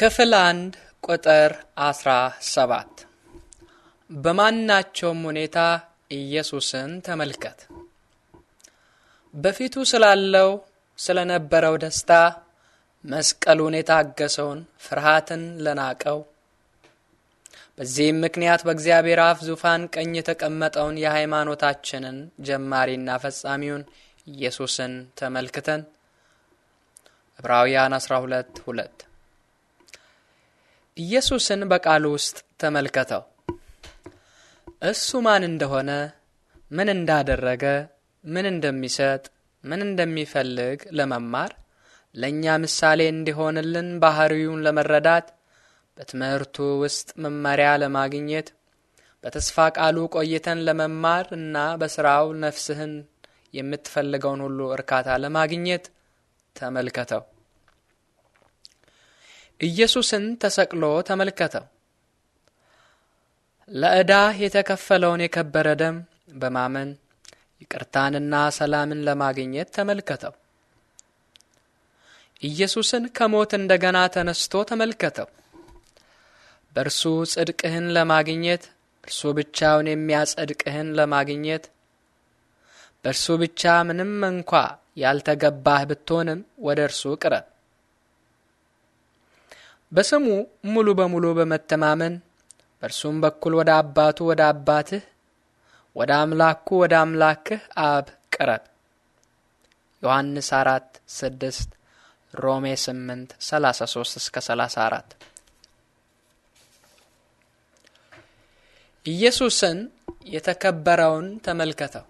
ክፍል አንድ ቁጥር ሰባት በማናቸውም ሁኔታ ኢየሱስን ተመልከት። በፊቱ ስላለው ስለነበረው ደስታ መስቀሉን የታገሰውን ፍርሃትን ለናቀው በዚህም ምክንያት በእግዚአብሔር አፍ ዙፋን ቀኝ የተቀመጠውን የሃይማኖታችንን ጀማሪና ፈጻሚውን ኢየሱስን ተመልክተን ዕብራውያን 12 ሁለት ኢየሱስን በቃሉ ውስጥ ተመልከተው። እሱ ማን እንደሆነ፣ ምን እንዳደረገ፣ ምን እንደሚሰጥ፣ ምን እንደሚፈልግ ለመማር ለእኛ ምሳሌ እንዲሆንልን ባህሪውን ለመረዳት በትምህርቱ ውስጥ መመሪያ ለማግኘት በተስፋ ቃሉ ቆይተን ለመማር እና በስራው ነፍስህን የምትፈልገውን ሁሉ እርካታ ለማግኘት ተመልከተው። ኢየሱስን ተሰቅሎ ተመልከተው። ለዕዳህ የተከፈለውን የከበረ ደም በማመን ይቅርታንና ሰላምን ለማግኘት ተመልከተው። ኢየሱስን ከሞት እንደገና ተነስቶ ተመልከተው። በእርሱ ጽድቅህን ለማግኘት እርሱ ብቻውን የሚያጸድቅህን ለማግኘት በእርሱ ብቻ ምንም እንኳ ያልተገባህ ብትሆንም ወደ እርሱ ቅረብ። በስሙ ሙሉ በሙሉ በመተማመን በእርሱም በኩል ወደ አባቱ ወደ አባትህ ወደ አምላኩ ወደ አምላክህ አብ ቅረብ። ዮሐንስ 4 6 ሮሜ 8 33 እስከ 34 ኢየሱስን የተከበረውን ተመልከተው።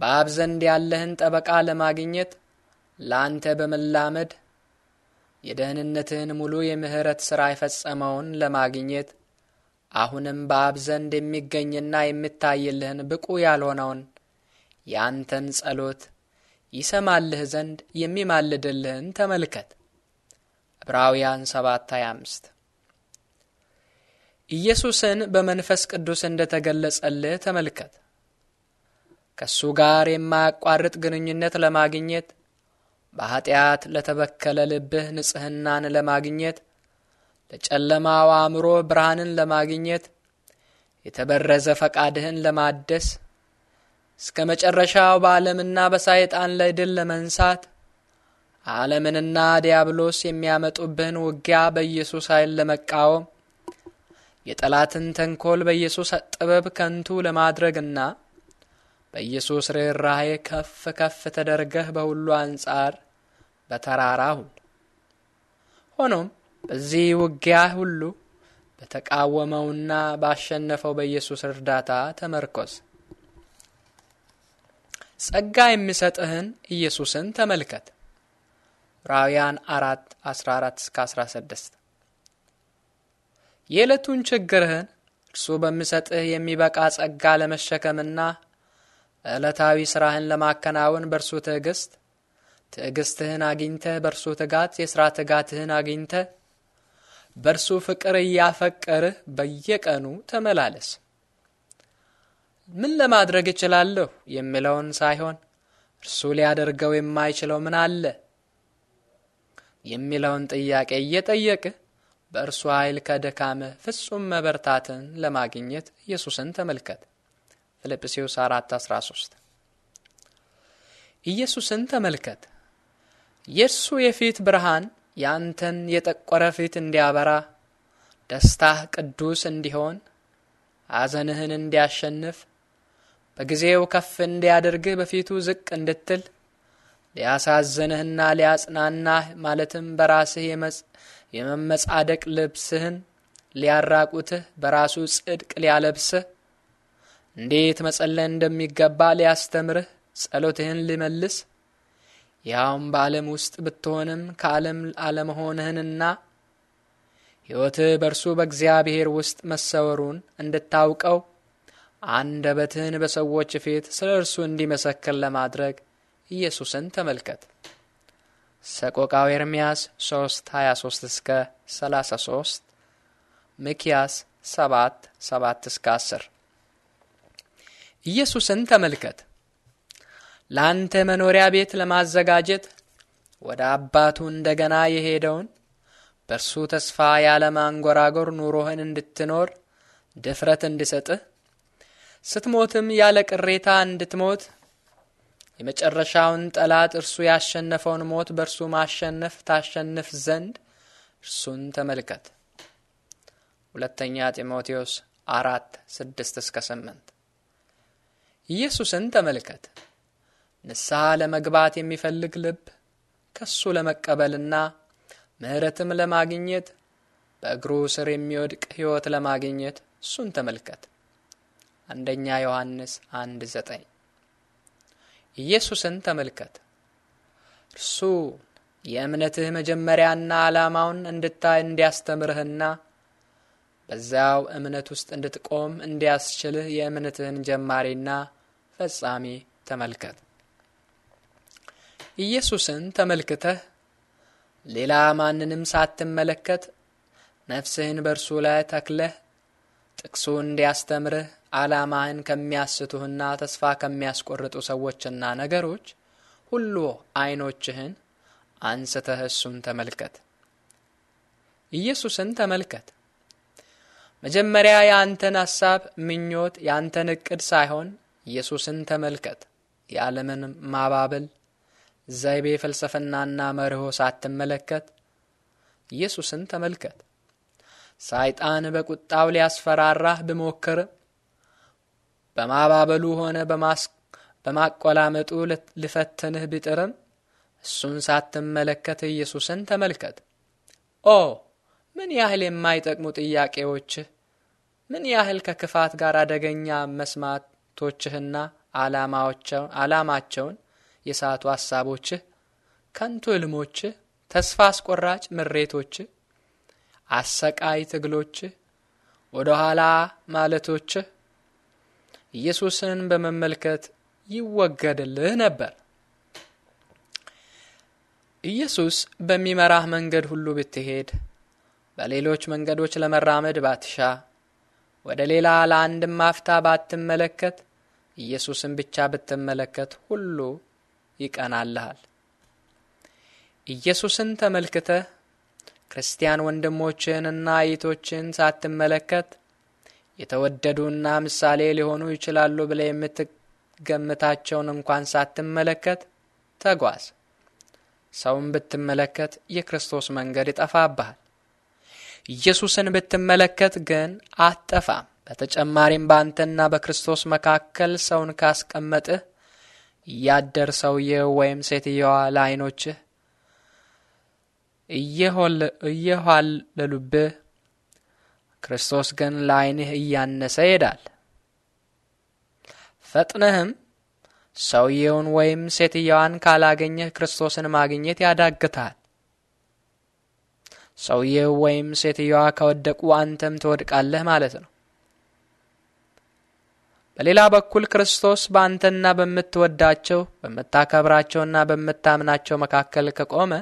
በአብ ዘንድ ያለህን ጠበቃ ለማግኘት ለአንተ በመላመድ የደህንነትህን ሙሉ የምህረት ሥራ የፈጸመውን ለማግኘት አሁንም በአብ ዘንድ የሚገኝና የሚታይልህን ብቁ ያልሆነውን የአንተን ጸሎት ይሰማልህ ዘንድ የሚማልድልህን ተመልከት። ዕብራውያን 7:25 ኢየሱስን በመንፈስ ቅዱስ እንደ ተገለጸልህ ተመልከት። ከእሱ ጋር የማያቋርጥ ግንኙነት ለማግኘት በኀጢአት ለተበከለ ልብህ ንጽሕናን ለማግኘት ለጨለማው አእምሮ ብርሃንን ለማግኘት የተበረዘ ፈቃድህን ለማደስ እስከ መጨረሻው በዓለምና በሰይጣን ላይ ድል ለመንሳት ዓለምንና ዲያብሎስ የሚያመጡብህን ውጊያ በኢየሱስ ኃይል ለመቃወም የጠላትን ተንኮል በኢየሱስ ጥበብ ከንቱ ለማድረግና በኢየሱስ ርኅራኄ ከፍ ከፍ ተደርገህ በሁሉ አንጻር በተራራ ሁን። ሆኖም በዚህ ውጊያ ሁሉ በተቃወመውና ባሸነፈው በኢየሱስ እርዳታ ተመርኮዝ። ጸጋ የሚሰጥህን ኢየሱስን ተመልከት። ራውያን 4 14 እስከ 16 የዕለቱን ችግርህን እርሱ በሚሰጥህ የሚበቃ ጸጋ ለመሸከምና ዕለታዊ ሥራህን ለማከናወን በእርሱ ትዕግሥት ትዕግሥትህን አግኝተ በእርሱ ትጋት የሥራ ትጋትህን አግኝተ በእርሱ ፍቅር እያፈቀርህ በየቀኑ ተመላለስ። ምን ለማድረግ እችላለሁ የሚለውን ሳይሆን እርሱ ሊያደርገው የማይችለው ምን አለ የሚለውን ጥያቄ እየጠየቅህ በእርሱ ኃይል ከደካመ ፍጹም መበርታትን ለማግኘት ኢየሱስን ተመልከት። ፊልጵስዩስ 4 13 ኢየሱስን ተመልከት። የእርሱ የፊት ብርሃን ያንተን የጠቆረ ፊት እንዲያበራ፣ ደስታህ ቅዱስ እንዲሆን፣ ሐዘንህን እንዲያሸንፍ፣ በጊዜው ከፍ እንዲያደርግህ፣ በፊቱ ዝቅ እንድትል፣ ሊያሳዝንህና ሊያጽናናህ ማለትም በራስህ የመመጻደቅ ልብስህን ሊያራቁትህ፣ በራሱ ጽድቅ ሊያለብስህ እንዴት መጸለይ እንደሚገባ ሊያስተምርህ ጸሎትህን ሊመልስ ያውም በዓለም ውስጥ ብትሆንም ከዓለም አለመሆንህንና ሕይወትህ በእርሱ በእግዚአብሔር ውስጥ መሰወሩን እንድታውቀው አንደበትህን በሰዎች ፊት ስለ እርሱ እንዲመሰክር ለማድረግ ኢየሱስን ተመልከት። ሰቆቃው ኤርምያስ 3 23 እስከ 33 ሚክያስ 7 7 እስከ 10 ኢየሱስን ተመልከት። ለአንተ መኖሪያ ቤት ለማዘጋጀት ወደ አባቱ እንደገና የሄደውን በእርሱ ተስፋ ያለ ማንጎራጎር ኑሮህን እንድትኖር ድፍረት እንድሰጥህ ስትሞትም ያለ ቅሬታ እንድትሞት የመጨረሻውን ጠላት እርሱ ያሸነፈውን ሞት በእርሱ ማሸነፍ ታሸንፍ ዘንድ እርሱን ተመልከት። ሁለተኛ ጢሞቴዎስ አራት ስድስት እስከ ስምንት ኢየሱስን ተመልከት። ንስሐ ለመግባት የሚፈልግ ልብ ከሱ ለመቀበልና ምሕረትም ለማግኘት በእግሩ ስር የሚወድቅ ሕይወት ለማግኘት እሱን ተመልከት። አንደኛ ዮሐንስ አንድ ዘጠኝ ኢየሱስን ተመልከት። እርሱ የእምነትህ መጀመሪያና ዓላማውን እንድታይ እንዲያስተምርህና በዚያው እምነት ውስጥ እንድትቆም እንዲያስችልህ የእምነትህን ጀማሪና ፈጻሚ ተመልከት። ኢየሱስን ተመልክተህ ሌላ ማንንም ሳትመለከት ነፍስህን በእርሱ ላይ ተክለህ ጥቅሱ እንዲያስተምርህ ዓላማህን ከሚያስቱህና ተስፋ ከሚያስቆርጡ ሰዎችና ነገሮች ሁሉ አይኖችህን አንስተህ እሱን ተመልከት። ኢየሱስን ተመልከት። መጀመሪያ የአንተን ሐሳብ፣ ምኞት፣ የአንተን እቅድ ሳይሆን ኢየሱስን ተመልከት። የዓለምን ማባበል፣ ዘይቤ፣ ፍልስፍናና መርሆ ሳትመለከት ኢየሱስን ተመልከት። ሳይጣን በቁጣው ሊያስፈራራህ ብሞክርም በማባበሉ ሆነ በማቆላመጡ ልፈትንህ ቢጥርም እሱን ሳትመለከት ኢየሱስን ተመልከት። ኦ ምን ያህል የማይጠቅሙ ጥያቄዎችህ፣ ምን ያህል ከክፋት ጋር አደገኛ መስማቶችህና ዓላማቸውን የሳቱ ሐሳቦችህ፣ ከንቱ ሕልሞችህ፣ ተስፋ አስቆራጭ ምሬቶች አሰቃይ ትግሎች ወደ ኋላ ማለቶችህ ኢየሱስን በመመልከት ይወገድልህ ነበር። ኢየሱስ በሚመራህ መንገድ ሁሉ ብትሄድ በሌሎች መንገዶች ለመራመድ ባትሻ፣ ወደ ሌላ ለአንድም አፍታ ባትመለከት፣ ኢየሱስን ብቻ ብትመለከት ሁሉ ይቀናልሃል። ኢየሱስን ተመልክተህ ክርስቲያን ወንድሞችህንና እህቶችህን ሳትመለከት የተወደዱና ምሳሌ ሊሆኑ ይችላሉ ብለ የምትገምታቸውን እንኳን ሳትመለከት ተጓዝ። ሰውን ብትመለከት የክርስቶስ መንገድ ይጠፋብሃል። ኢየሱስን ብትመለከት ግን አትጠፋም። በተጨማሪም በአንተና በክርስቶስ መካከል ሰውን ካስቀመጥህ እያደር ሰውየው ወይም ሴትየዋ ለዓይኖችህ እየኋለሉብህ፣ ክርስቶስ ግን ለዓይንህ እያነሰ ይሄዳል። ፈጥነህም ሰውየውን ወይም ሴትየዋን ካላገኘህ ክርስቶስን ማግኘት ያዳግታል። ሰውየው ወይም ሴትየዋ ከወደቁ አንተም ትወድቃለህ ማለት ነው። በሌላ በኩል ክርስቶስ በአንተና በምትወዳቸው በምታከብራቸውና በምታምናቸው መካከል ከቆመ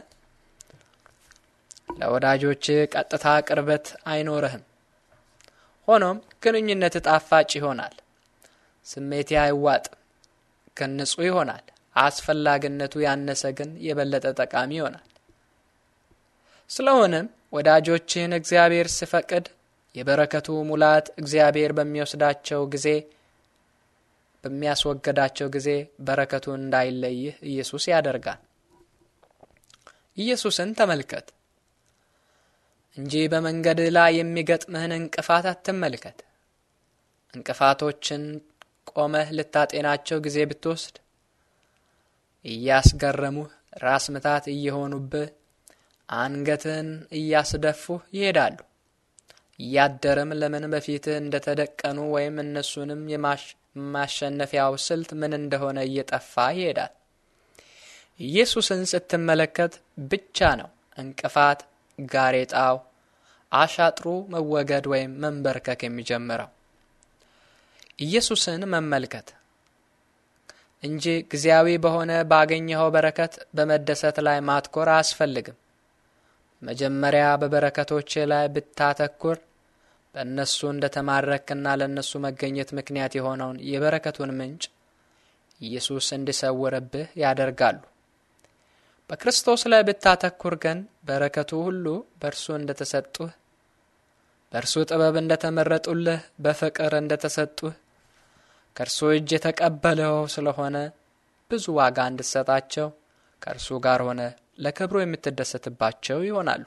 ለወዳጆች ቀጥታ ቅርበት አይኖርህም። ሆኖም ግንኙነት ጣፋጭ ይሆናል። ስሜት አይዋጥም፣ ግን ንጹህ ይሆናል። አስፈላጊነቱ ያነሰ ግን የበለጠ ጠቃሚ ይሆናል። ስለሆነም ወዳጆችን እግዚአብሔር ሲፈቅድ የበረከቱ ሙላት እግዚአብሔር በሚወስዳቸው ጊዜ በሚያስወገዳቸው ጊዜ በረከቱ እንዳይለይህ ኢየሱስ ያደርጋል። ኢየሱስን ተመልከት እንጂ በመንገድ ላይ የሚገጥምህን እንቅፋት አትመልከት። እንቅፋቶችን ቆመህ ልታጤናቸው ጊዜ ብትወስድ እያስገረሙህ ራስ ምታት እየሆኑብህ አንገትህን እያስደፉህ ይሄዳሉ። እያደርም ለምን በፊትህ እንደ ተደቀኑ ወይም እነሱንም የማሸነፊያው ስልት ምን እንደሆነ እየጠፋ ይሄዳል። ኢየሱስን ስትመለከት ብቻ ነው እንቅፋት፣ ጋሬጣው፣ አሻጥሩ መወገድ ወይም መንበርከክ የሚጀምረው። ኢየሱስን መመልከት እንጂ ጊዜያዊ በሆነ ባገኘኸው በረከት በመደሰት ላይ ማትኮር አያስፈልግም። መጀመሪያ በበረከቶች ላይ ብታተኩር በእነሱ እንደ ተማረክና ለእነሱ መገኘት ምክንያት የሆነውን የበረከቱን ምንጭ ኢየሱስ እንዲሰውርብህ ያደርጋሉ። በክርስቶስ ላይ ብታተኩር ግን በረከቱ ሁሉ በእርሱ እንደ ተሰጡህ፣ በእርሱ ጥበብ እንደ ተመረጡልህ፣ በፍቅር እንደ ተሰጡህ ከእርሱ እጅ የተቀበለው ስለሆነ ብዙ ዋጋ እንድሰጣቸው ከእርሱ ጋር ሆነ ለክብሩ የምትደሰትባቸው ይሆናሉ።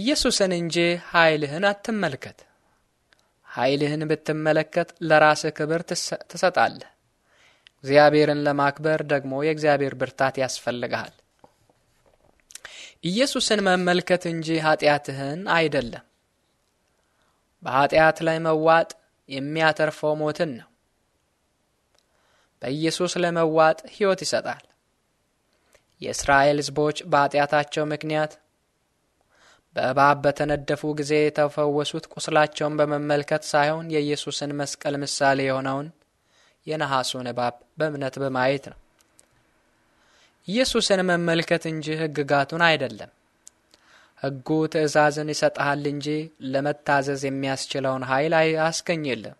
ኢየሱስን እንጂ ኃይልህን አትመልከት። ኃይልህን ብትመለከት ለራስህ ክብር ትሰጣለህ። እግዚአብሔርን ለማክበር ደግሞ የእግዚአብሔር ብርታት ያስፈልግሃል። ኢየሱስን መመልከት እንጂ ኃጢአትህን አይደለም። በኃጢአት ላይ መዋጥ የሚያተርፈው ሞትን ነው። በኢየሱስ ለመዋጥ ሕይወት ይሰጣል። የእስራኤል ሕዝቦች በኃጢአታቸው ምክንያት በእባብ በተነደፉ ጊዜ የተፈወሱት ቁስላቸውን በመመልከት ሳይሆን የኢየሱስን መስቀል ምሳሌ የሆነውን የነሐሱን እባብ በእምነት በማየት ነው። ኢየሱስን መመልከት እንጂ ሕግጋቱን አይደለም። ሕጉ ትእዛዝን ይሰጠሃል እንጂ ለመታዘዝ የሚያስችለውን ኃይል አያስገኝልም።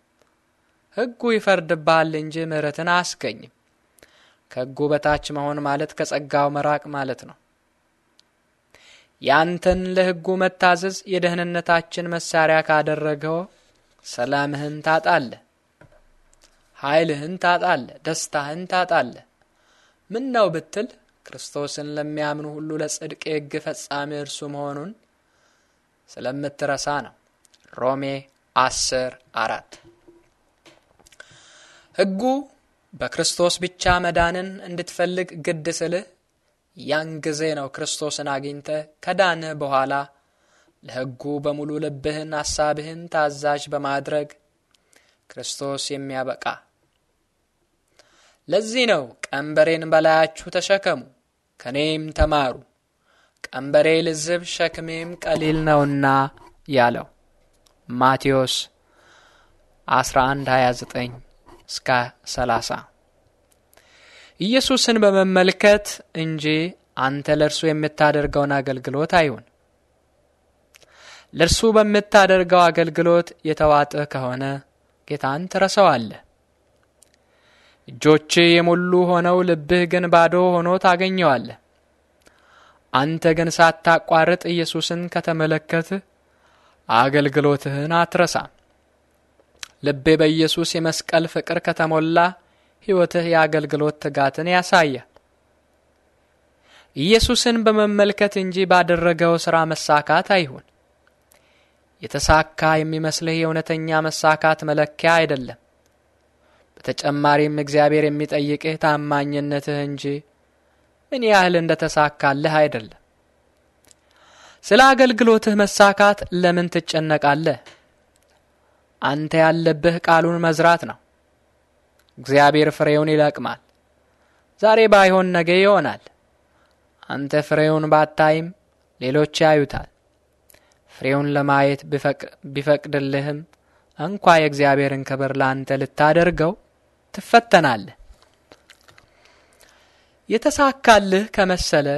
ሕጉ ይፈርድብሃል እንጂ ምሕረትን አያስገኝም። ከሕጉ በታች መሆን ማለት ከጸጋው መራቅ ማለት ነው። ያንተን ለሕጉ መታዘዝ የደህንነታችን መሳሪያ ካደረገው ሰላምህን ታጣለ፣ ኃይልህን ታጣለ፣ ደስታህን ታጣለ። ምን ነው ብትል ክርስቶስን ለሚያምኑ ሁሉ ለጽድቅ የሕግ ፈጻሚ እርሱ መሆኑን ስለምትረሳ ነው። ሮሜ አስር አራት ሕጉ በክርስቶስ ብቻ መዳንን እንድትፈልግ ግድ ስልህ ያን ጊዜ ነው ክርስቶስን አግኝተ ከዳንህ በኋላ ለሕጉ በሙሉ ልብህን ሐሳብህን ታዛዥ በማድረግ ክርስቶስ የሚያበቃ። ለዚህ ነው ቀንበሬን በላያችሁ ተሸከሙ ከኔም ተማሩ ቀንበሬ ልዝብ ሸክሜም ቀሊል ነውና ያለው ማቴዎስ 11 29 እስከ 30 ኢየሱስን በመመልከት እንጂ አንተ ለእርሱ የምታደርገውን አገልግሎት አይሁን። ለእርሱ በምታደርገው አገልግሎት የተዋጥህ ከሆነ ጌታን ትረሳዋለህ። እጆች የሞሉ ሆነው ልብህ ግን ባዶ ሆኖ ታገኘዋለህ። አንተ ግን ሳታቋርጥ ኢየሱስን ከተመለከትህ አገልግሎትህን አትረሳም። ልቤ በኢየሱስ የመስቀል ፍቅር ከተሞላ ሕይወትህ የአገልግሎት ትጋትን ያሳያል። ኢየሱስን በመመልከት እንጂ ባደረገው ሥራ መሳካት አይሁን። የተሳካ የሚመስልህ የእውነተኛ መሳካት መለኪያ አይደለም። በተጨማሪም እግዚአብሔር የሚጠይቅህ ታማኝነትህ እንጂ ምን ያህል ተሳካልህ አይደለም። ስለ አገልግሎትህ መሳካት ለምን ትጨነቃለህ? አንተ ያለብህ ቃሉን መዝራት ነው። እግዚአብሔር ፍሬውን ይለቅማል። ዛሬ ባይሆን ነገ ይሆናል። አንተ ፍሬውን ባታይም ሌሎች ያዩታል። ፍሬውን ለማየት ቢፈቅድልህም እንኳ የእግዚአብሔርን ክብር ለአንተ ልታደርገው ትፈተናለህ። የተሳካልህ ከመሰለ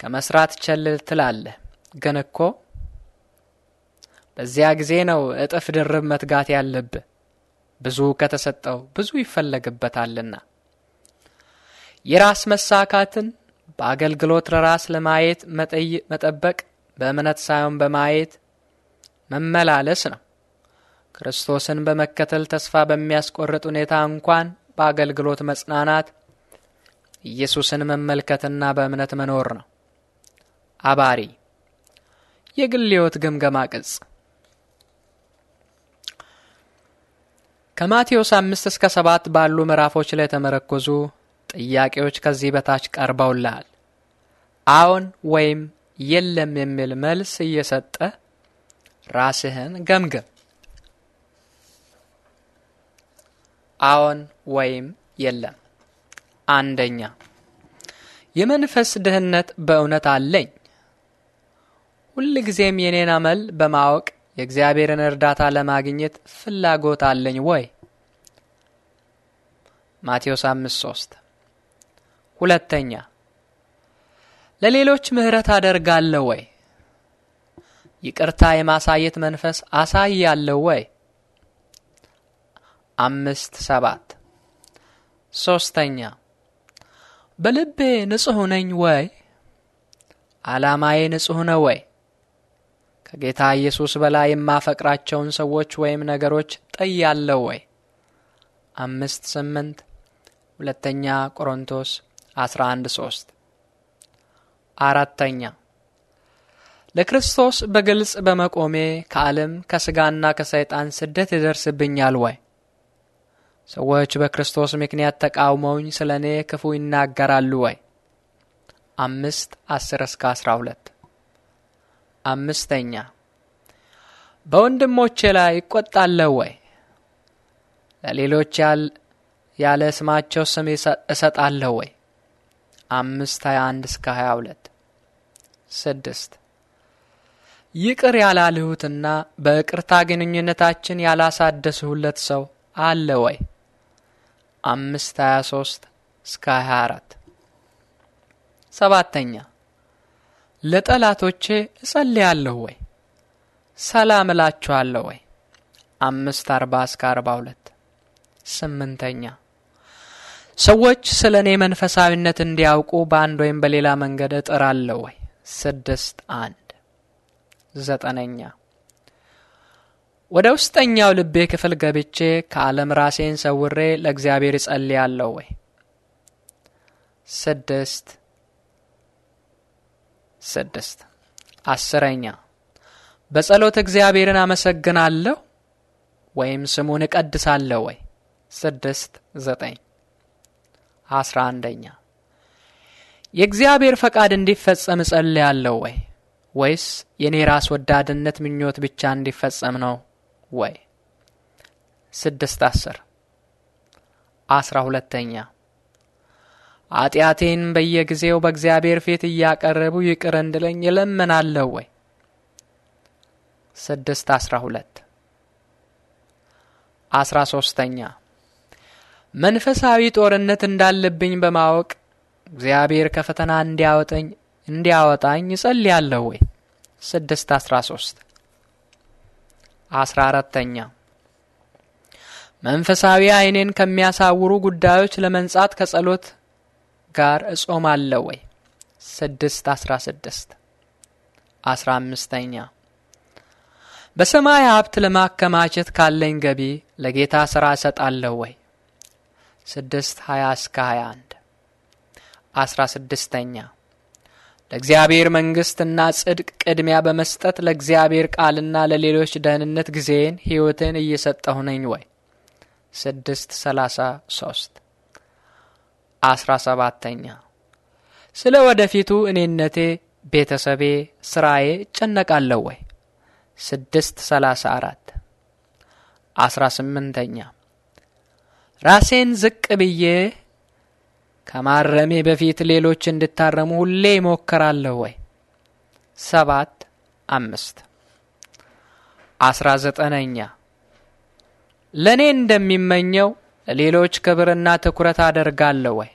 ከመስራት ቸል ትላለህ፣ ግን እኮ በዚያ ጊዜ ነው እጥፍ ድርብ መትጋት ያለብ ብዙ ከተሰጠው ብዙ ይፈለግበታልና። የራስ መሳካትን በአገልግሎት ለራስ ለማየት መጠበቅ በእምነት ሳይሆን በማየት መመላለስ ነው። ክርስቶስን በመከተል ተስፋ በሚያስቆርጥ ሁኔታ እንኳን በአገልግሎት መጽናናት ኢየሱስን መመልከትና በእምነት መኖር ነው። አባሪ የግል ሕይወት ግምገማ ቅጽ ከማቴዎስ አምስት እስከ ሰባት ባሉ ምዕራፎች ላይ የተመረኮዙ ጥያቄዎች ከዚህ በታች ቀርበውልሃል። አዎን ወይም የለም የሚል መልስ እየሰጠ ራስህን ገምገም። አዎን ወይም የለም። አንደኛ የመንፈስ ድህነት በእውነት አለኝ። ሁልጊዜም የኔን አመል በማወቅ የእግዚአብሔርን እርዳታ ለማግኘት ፍላጎት አለኝ ወይ? ማቴዎስ 5:3 ሁለተኛ ለሌሎች ምህረት አደርጋለሁ ወይ? ይቅርታ የማሳየት መንፈስ አሳያለሁ ወይ? አምስት ሰባት ሶስተኛ በልቤ ንጹሕ ነኝ ወይ? ዓላማዬ ንጹሕ ነው ወይ? ከጌታ ኢየሱስ በላይ የማፈቅራቸውን ሰዎች ወይም ነገሮች ጠያለው ወይ? አምስት ስምንት ሁለተኛ ቆሮንቶስ አስራ አንድ ሶስት አራተኛ ለክርስቶስ በግልጽ በመቆሜ ከዓለም ከሥጋና ከሰይጣን ስደት ይደርስብኛል ወይ? ሰዎች በክርስቶስ ምክንያት ተቃውመውኝ ስለ እኔ ክፉ ይናገራሉ ወይ? አምስት አስር እስከ አስራ ሁለት አምስተኛ በወንድሞቼ ላይ ይቆጣለሁ ወይ? ለሌሎች ያለ ስማቸው ስም እሰጣለሁ ወይ? አምስት 21 እስከ 22 ስድስት ይቅር ያላልሁትና በእቅርታ ግንኙነታችን ያላሳደስሁለት ሰው አለ ወይ? አምስት 23 እስከ 24 ሰባተኛ ለጠላቶቼ እጸልያለሁ ወይ? ሰላም እላችኋለሁ ወይ? አምስት አርባ እስከ አርባ ሁለት ስምንተኛ ሰዎች ስለ እኔ መንፈሳዊነት እንዲያውቁ በአንድ ወይም በሌላ መንገድ እጥራለሁ ወይ? ስድስት አንድ ዘጠነኛ ወደ ውስጠኛው ልቤ ክፍል ገብቼ ከዓለም ራሴን ሰውሬ ለእግዚአብሔር እጸልያለሁ ወይ? ስድስት ስድስት አስረኛ በጸሎት እግዚአብሔርን አመሰግናለሁ ወይም ስሙን እቀድሳለሁ ወይ ስድስት ዘጠኝ አስራ አንደኛ የእግዚአብሔር ፈቃድ እንዲፈጸም እጸልያለሁ ወይ ወይስ የእኔ ራስ ወዳድነት ምኞት ብቻ እንዲፈጸም ነው ወይ ስድስት አስር አስራ ሁለተኛ ኃጢአቴን በየጊዜው በእግዚአብሔር ፊት እያቀረቡ ይቅር እንድለኝ ይለምናለሁ ወይ? ስድስት አስራ ሁለት አስራ ሶስተኛ መንፈሳዊ ጦርነት እንዳለብኝ በማወቅ እግዚአብሔር ከፈተና እንዲያወጠኝ እንዲያወጣኝ ይጸልያለሁ ወይ? ስድስት አስራ ሶስት አስራ አራተኛ መንፈሳዊ አይኔን ከሚያሳውሩ ጉዳዮች ለመንጻት ከጸሎት ጋር እጾማለሁ ወይ? ስድስት አስራ ስድስት አስራ አምስተኛ በሰማይ ሀብት ለማከማቸት ካለኝ ገቢ ለጌታ ሥራ እሰጣለሁ ወይ? ስድስት ሀያ እስከ ሀያ አንድ አስራ ስድስተኛ ለእግዚአብሔር መንግሥትና ጽድቅ ቅድሚያ በመስጠት ለእግዚአብሔር ቃልና ለሌሎች ደህንነት ጊዜን ሕይወትን እየሰጠሁ ነኝ ወይ? ስድስት ሰላሳ ሶስት አስራ ሰባተኛ ስለ ወደፊቱ እኔነቴ፣ ቤተሰቤ፣ ስራዬ እጨነቃለሁ ወይ? ስድስት ሰላሳ አራት አስራ ስምንተኛ ራሴን ዝቅ ብዬ ከማረሜ በፊት ሌሎች እንድታረሙ ሁሌ ይሞከራለሁ ወይ? ሰባት አምስት አስራ ዘጠነኛ ለእኔ እንደሚመኘው ለሌሎች ክብርና ትኩረት አደርጋለሁ ወይ?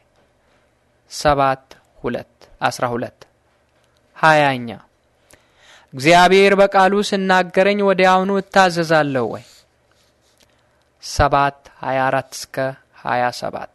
ሰባት ሁለት አስራ ሁለት ሀያኛ እግዚአብሔር በቃሉ ስናገረኝ ወዲያውኑ እታዘዛለሁ ወይ? ሰባት ሀያ አራት እስከ ሀያ ሰባት